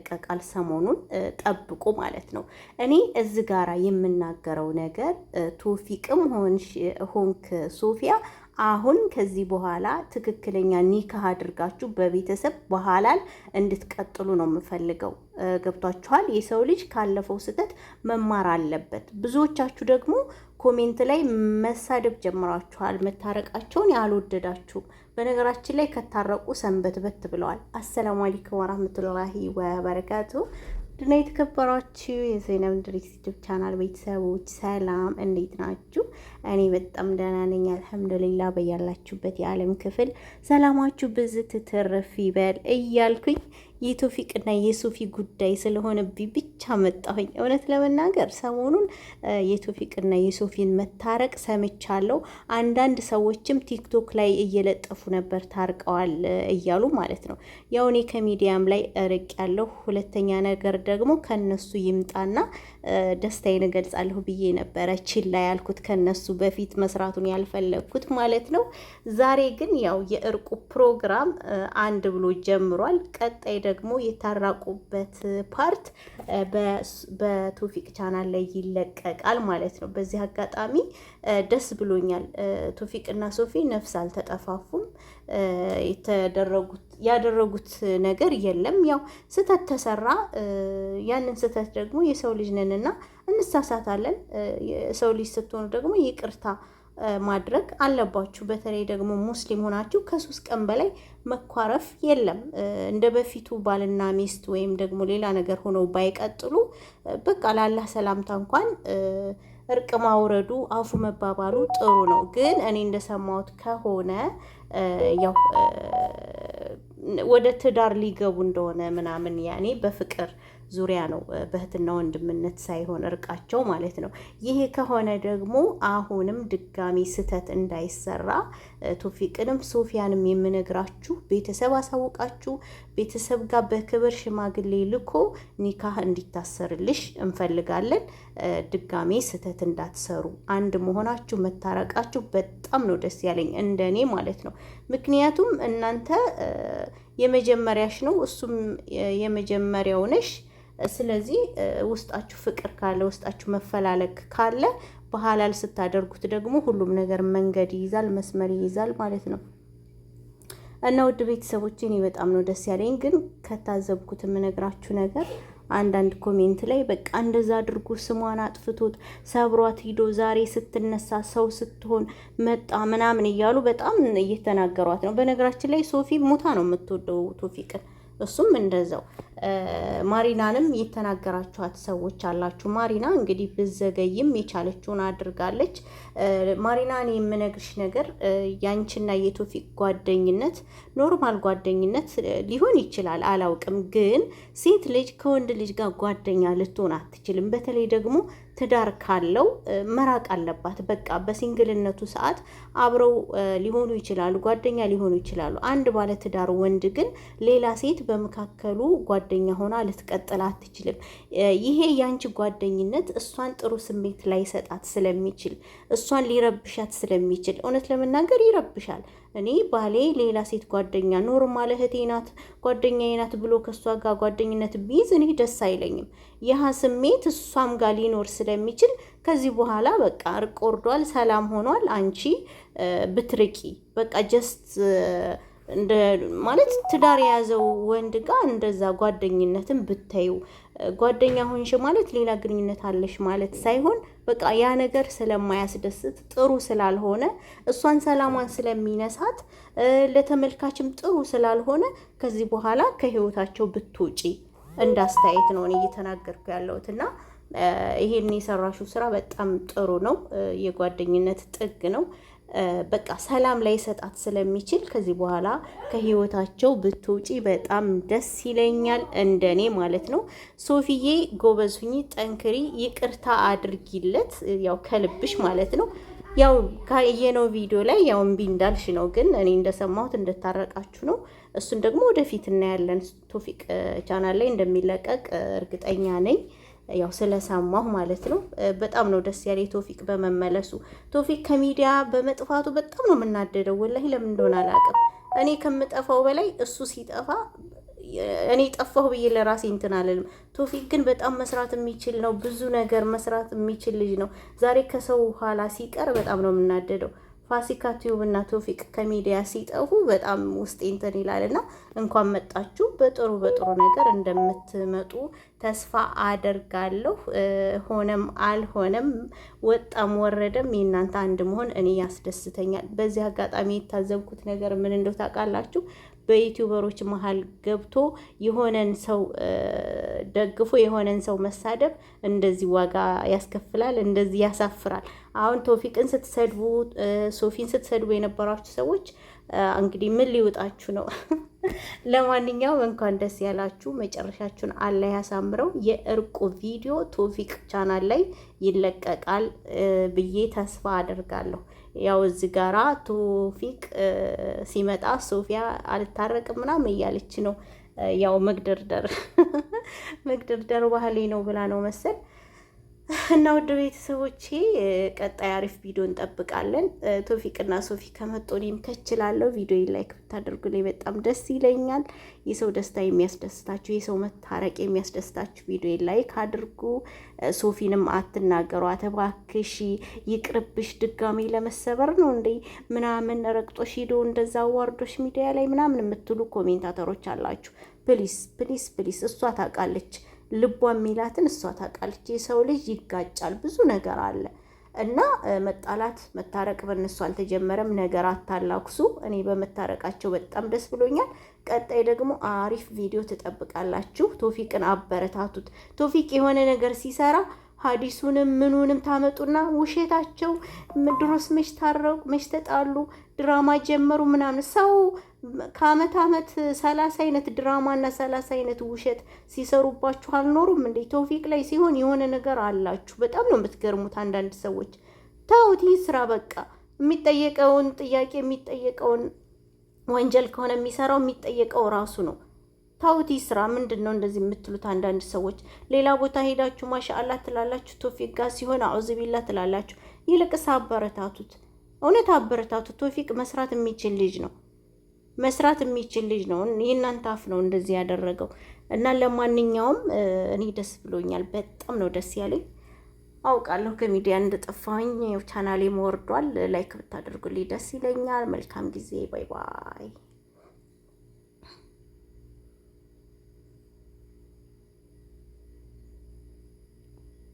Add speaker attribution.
Speaker 1: ይለቀቃል ሰሞኑን ጠብቁ ማለት ነው። እኔ እዚህ ጋራ የምናገረው ነገር ቶፊቅም ሆንክ ሶፊያ አሁን ከዚህ በኋላ ትክክለኛ ኒካህ አድርጋችሁ በቤተሰብ በሐላል እንድትቀጥሉ ነው የምፈልገው። ገብቷችኋል? የሰው ልጅ ካለፈው ስህተት መማር አለበት። ብዙዎቻችሁ ደግሞ ኮሜንት ላይ መሳደብ ጀምራችኋል። መታረቃቸውን ያልወደዳችሁ በነገራችን ላይ ከታረቁ ሰንበት በት ብለዋል። አሰላሙ አለይኩም ወራህመቱላሂ ወበረካቱ ድና የተከበራችሁ የዘይነብ ድሪስ ዩቱብ ቻናል ቤተሰቦች ሰላም፣ እንዴት ናችሁ? እኔ በጣም ደህና ነኝ አልሐምዱሊላ። በያላችሁበት የዓለም ክፍል ሰላማችሁ ብዝት ትርፍ ይበል እያልኩኝ የቶፊቅና የሶፊ ጉዳይ ስለሆነብኝ ብቻ መጣሁኝ። እውነት ለመናገር ሰሞኑን የቶፊቅና የሱፊን መታረቅ ሰምቻለሁ። አንዳንድ ሰዎችም ቲክቶክ ላይ እየለጠፉ ነበር ታርቀዋል እያሉ ማለት ነው። ያው እኔ ከሚዲያም ላይ ርቅ ያለሁ፣ ሁለተኛ ነገር ደግሞ ከነሱ ይምጣና ደስታዬን እገልጻለሁ ብዬ ነበረ ችላ ያልኩት ከነሱ በፊት መስራቱን ያልፈለግኩት ማለት ነው። ዛሬ ግን ያው የእርቁ ፕሮግራም አንድ ብሎ ጀምሯል። ቀጣይ ደግሞ የታራቁበት ፓርት በቶፊቅ ቻናል ላይ ይለቀቃል ማለት ነው። በዚህ አጋጣሚ ደስ ብሎኛል። ቶፊቅ እና ሶፊ ነፍስ አልተጠፋፉም። የተደረጉት ያደረጉት ነገር የለም። ያው ስህተት ተሰራ። ያንን ስህተት ደግሞ የሰው ልጅ ነንና እንሳሳታለን። ሰው ልጅ ስትሆኑ ደግሞ ይቅርታ ማድረግ አለባችሁ። በተለይ ደግሞ ሙስሊም ሆናችሁ ከሶስት ቀን በላይ መኳረፍ የለም። እንደ በፊቱ ባልና ሚስት ወይም ደግሞ ሌላ ነገር ሆነው ባይቀጥሉ በቃ ላላህ ሰላምታ እንኳን እርቅ ማውረዱ አፉ መባባሉ ጥሩ ነው። ግን እኔ እንደሰማሁት ከሆነ ያው ወደ ትዳር ሊገቡ እንደሆነ ምናምን ያኔ በፍቅር ዙሪያ ነው፣ በእህትና ወንድምነት ሳይሆን እርቃቸው ማለት ነው። ይሄ ከሆነ ደግሞ አሁንም ድጋሚ ስህተት እንዳይሰራ ቶፊቅንም ሶፊያንም የምነግራችሁ ቤተሰብ አሳውቃችሁ ቤተሰብ ጋር በክብር ሽማግሌ ልኮ ኒካህ እንዲታሰርልሽ እንፈልጋለን። ድጋሜ ስህተት እንዳትሰሩ። አንድ መሆናችሁ መታረቃችሁ በጣም ነው ደስ ያለኝ እንደኔ ማለት ነው። ምክንያቱም እናንተ የመጀመሪያሽ ነው፣ እሱም የመጀመሪያው ነሽ። ስለዚህ ውስጣችሁ ፍቅር ካለ ውስጣችሁ መፈላለግ ካለ በሀላል ስታደርጉት ደግሞ ሁሉም ነገር መንገድ ይይዛል፣ መስመር ይይዛል ማለት ነው። እና ውድ ቤተሰቦች እኔ በጣም ነው ደስ ያለኝ። ግን ከታዘብኩት የምነግራችሁ ነገር አንዳንድ ኮሜንት ላይ በቃ እንደዛ አድርጎ ስሟን አጥፍቶት ሰብሯት ሂዶ ዛሬ ስትነሳ ሰው ስትሆን መጣ ምናምን እያሉ በጣም እየተናገሯት ነው። በነገራችን ላይ ሶፊ ሞታ ነው የምትወደው ቶፊቅን እሱም እንደዛው ማሪናንም የተናገራችኋት ሰዎች አላችሁ። ማሪና እንግዲህ ብዘገይም የቻለችውን አድርጋለች። ማሪናን የምነግርሽ ነገር ያንቺና የቶፊቅ ጓደኝነት ኖርማል ጓደኝነት ሊሆን ይችላል አላውቅም፣ ግን ሴት ልጅ ከወንድ ልጅ ጋር ጓደኛ ልትሆን አትችልም። በተለይ ደግሞ ትዳር ካለው መራቅ አለባት። በቃ በሲንግልነቱ ሰዓት አብረው ሊሆኑ ይችላሉ፣ ጓደኛ ሊሆኑ ይችላሉ። አንድ ባለ ትዳር ወንድ ግን ሌላ ሴት በመካከሉ ጓደኛ ሆና ልትቀጥል አትችልም። ይሄ ያንቺ ጓደኝነት እሷን ጥሩ ስሜት ላይሰጣት ስለሚችል፣ እሷን ሊረብሻት ስለሚችል እውነት ለመናገር ይረብሻል። እኔ ባሌ ሌላ ሴት ጓደኛ ኖርማል እህቴ ናት ጓደኛዬ ናት ብሎ ከእሷ ጋር ጓደኝነት ቢይዝ እኔ ደስ አይለኝም። ያህ ስሜት እሷም ጋር ሊኖር ስለሚችል ከዚህ በኋላ በቃ እርቅ ወርዷል፣ ሰላም ሆኗል። አንቺ ብትርቂ በቃ ጀስት ማለት ትዳር የያዘው ወንድ ጋር እንደዛ ጓደኝነትን ብታዩ ጓደኛ ሆንሽ ማለት ሌላ ግንኙነት አለሽ ማለት ሳይሆን በቃ ያ ነገር ስለማያስደስት ጥሩ ስላልሆነ እሷን ሰላሟን ስለሚነሳት ለተመልካችም ጥሩ ስላልሆነ ከዚህ በኋላ ከህይወታቸው ብትውጪ እንዳስተያየት ነው እየተናገርኩ ያለሁት እና ይሄን የሰራሹ ስራ በጣም ጥሩ ነው። የጓደኝነት ጥግ ነው። በቃ ሰላም ላይ ሰጣት ስለሚችል ከዚህ በኋላ ከህይወታቸው ብትውጪ በጣም ደስ ይለኛል፣ እንደኔ ማለት ነው። ሶፊዬ ጎበዝ ሁኚ፣ ጠንክሪ፣ ይቅርታ አድርጊለት፣ ያው ከልብሽ ማለት ነው። ያው ካየነው ቪዲዮ ላይ ያው እምቢ እንዳልሽ ነው፣ ግን እኔ እንደሰማሁት እንደታረቃችሁ ነው። እሱን ደግሞ ወደፊት እናያለን። ቶፊቅ ቻናል ላይ እንደሚለቀቅ እርግጠኛ ነኝ። ያው ስለሰማሁ ማለት ነው። በጣም ነው ደስ ያለ ቶፊቅ በመመለሱ። ቶፊቅ ከሚዲያ በመጥፋቱ በጣም ነው የምናደደው። ወላሂ ለምን እንደሆነ አላውቅም። እኔ ከምጠፋው በላይ እሱ ሲጠፋ እኔ ጠፋሁ ብዬ ለራሴ እንትን አለልም። ቶፊቅ ግን በጣም መስራት የሚችል ነው። ብዙ ነገር መስራት የሚችል ልጅ ነው። ዛሬ ከሰው ኋላ ሲቀር በጣም ነው የምናደደው። ፋሲካ ቲዩብ እና ቶፊቅ ከሚዲያ ሲጠፉ በጣም ውስጤ እንትን ይላል እና እንኳን መጣችሁ። በጥሩ በጥሩ ነገር እንደምትመጡ ተስፋ አደርጋለሁ። ሆነም አልሆነም ወጣም ወረደም የእናንተ አንድ መሆን እኔ ያስደስተኛል። በዚህ አጋጣሚ የታዘብኩት ነገር ምን እንደው ታውቃላችሁ? በዩቲዩበሮች መሀል ገብቶ የሆነን ሰው ደግፎ የሆነን ሰው መሳደብ እንደዚህ ዋጋ ያስከፍላል፣ እንደዚህ ያሳፍራል። አሁን ቶፊቅን ስትሰድቡ ሶፊን ስትሰድቡ የነበራችሁ ሰዎች እንግዲህ ምን ሊውጣችሁ ነው? ለማንኛውም እንኳን ደስ ያላችሁ። መጨረሻችሁን አላህ ያሳምረው። የእርቁ ቪዲዮ ቶፊቅ ቻናል ላይ ይለቀቃል ብዬ ተስፋ አደርጋለሁ። ያው እዚህ ጋራ ቶፊቅ ሲመጣ ሶፊያ አልታረቅም ምናምን እያለች ነው። ያው መግደርደር መግደርደር ባህሌ ነው ብላ ነው መሰል እና ውድ ቤተሰቦቼ ቀጣይ አሪፍ ቪዲዮ እንጠብቃለን። ቶፊቅና ሶፊ ከመጡ እኔም ከችላለሁ። ቪዲዮ ላይክ ብታደርጉ ላይ በጣም ደስ ይለኛል። የሰው ደስታ የሚያስደስታችሁ፣ የሰው መታረቅ የሚያስደስታችሁ ቪዲዮ ላይክ አድርጉ። ሶፊንም አትናገሯት እባክሽ፣ ይቅርብሽ፣ ድጋሚ ለመሰበር ነው እንዴ ምናምን ረግጦሽ ሂዶ እንደዛ ዋርዶሽ ሚዲያ ላይ ምናምን የምትሉ ኮሜንታተሮች አላችሁ። ፕሊስ ፕሊስ ፕሊስ፣ እሷ ታውቃለች። ልቧ የሚላትን እሷ ታውቃለች። የሰው ልጅ ይጋጫል፣ ብዙ ነገር አለ እና መጣላት መታረቅ በእነሱ አልተጀመረም። ነገር አታላክሱ። እኔ በመታረቃቸው በጣም ደስ ብሎኛል። ቀጣይ ደግሞ አሪፍ ቪዲዮ ትጠብቃላችሁ። ቶፊቅን አበረታቱት። ቶፊቅ የሆነ ነገር ሲሰራ ሀዲሱንም ምኑንም ታመጡና ውሸታቸው ድሮስ መች ታረቁ፣ መች ተጣሉ፣ ድራማ ጀመሩ ምናምን ሰው ከአመት አመት ሰላሳ አይነት ድራማ እና ሰላሳ አይነት ውሸት ሲሰሩባችሁ አልኖሩም እንዴ? ቶፊቅ ላይ ሲሆን የሆነ ነገር አላችሁ። በጣም ነው የምትገርሙት አንዳንድ ሰዎች። ተውት፣ ይህ ስራ በቃ የሚጠየቀውን ጥያቄ የሚጠየቀውን ወንጀል ከሆነ የሚሰራው የሚጠየቀው ራሱ ነው። ታውቲ ስራ ምንድን ነው እንደዚህ የምትሉት አንዳንድ ሰዎች? ሌላ ቦታ ሄዳችሁ ማሻአላ ትላላችሁ፣ ቶፊቅ ጋር ሲሆን አዑዝቢላ ትላላችሁ። ይልቅስ አበረታቱት፣ እውነት አበረታቱት። ቶፊቅ መስራት የሚችል ልጅ ነው። መስራት የሚችል ልጅ ነው። የእናንተ አፍ ነው እንደዚህ ያደረገው እና ለማንኛውም እኔ ደስ ብሎኛል። በጣም ነው ደስ ያለኝ። አውቃለሁ ከሚዲያ እንደጠፋኝ ቻናሌም ወርዷል። ላይክ ብታደርጉልኝ ደስ ይለኛል። መልካም ጊዜ። ባይ ባይ።